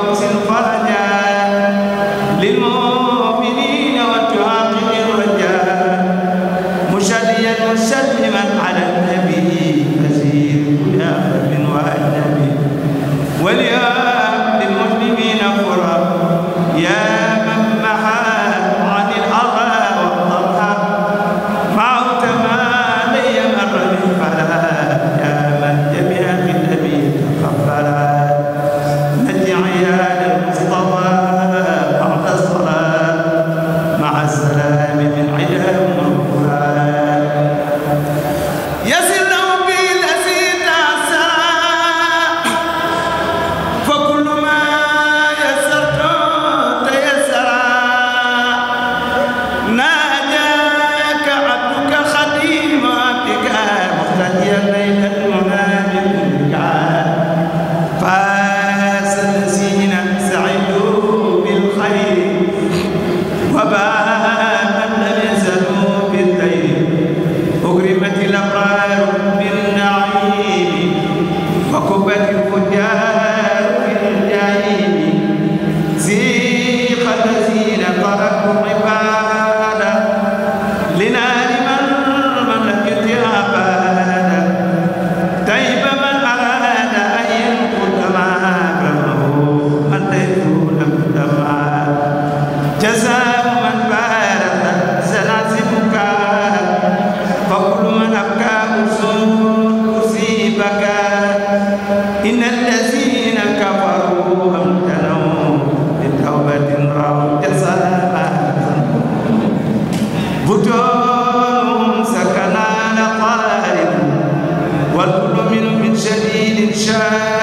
ak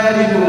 الكاذب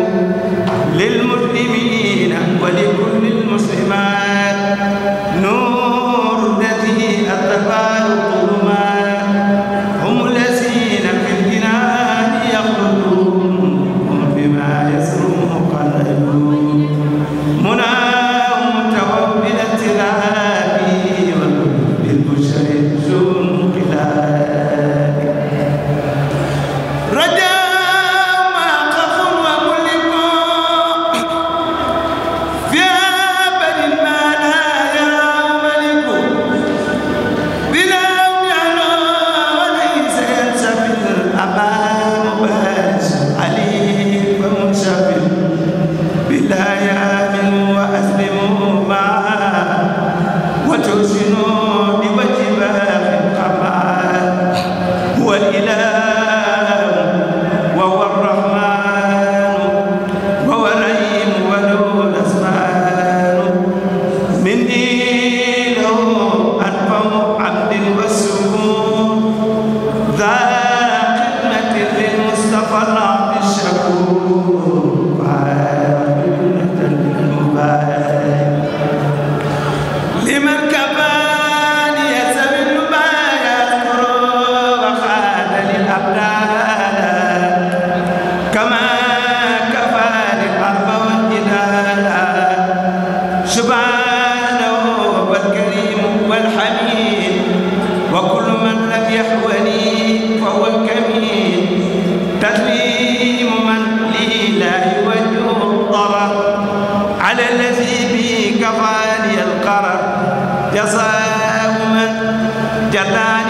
jada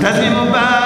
Kasim Ba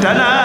tana